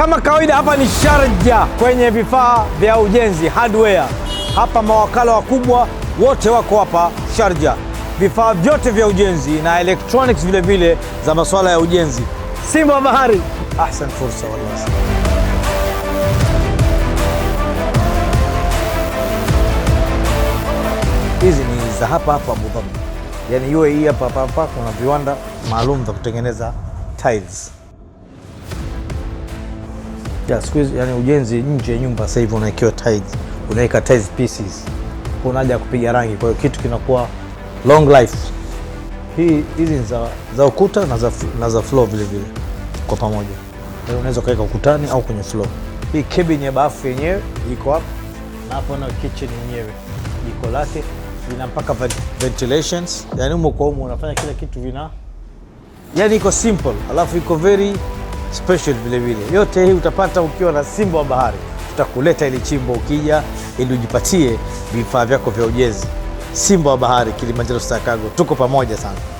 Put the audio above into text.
Kama kawaida, hapa ni sharja kwenye vifaa vya ujenzi hardware. Hapa mawakala wakubwa wote wako hapa sharja vifaa vyote vya ujenzi na electronics vile vile za masuala ya ujenzi. Simba wa bahari, ahsan fursa wallahi. Hizi ni za hapa hapa Abu Dhabi, yani UAE hapa hapa, kuna viwanda maalum vya kutengeneza tiles kupita siku hizi, yani ujenzi nje nyumba sasa hivi unawekewa tiles, unaweka tiles pieces, kuna haja ya kupiga rangi, kwa hiyo kitu kinakuwa long life. Hii hizi za, za ukuta na za, na za floor vile vile kwa pamoja, unaweza kuweka ukutani au kwenye floor. Hii cabin ya bafu yenyewe iko hapa na hapo, na kitchen yenyewe iko lake ina mpaka ventilations, yani umo kwa umo unafanya kila kitu vina, yani iko simple alafu iko very special vilevile. Yote hii utapata ukiwa na Simba wa Bahari, tutakuleta ili chimbo ukija, ili ujipatie vifaa vyako vya ujenzi. Simba wa Bahari, Kilimanjaro Star Cargo, tuko pamoja sana.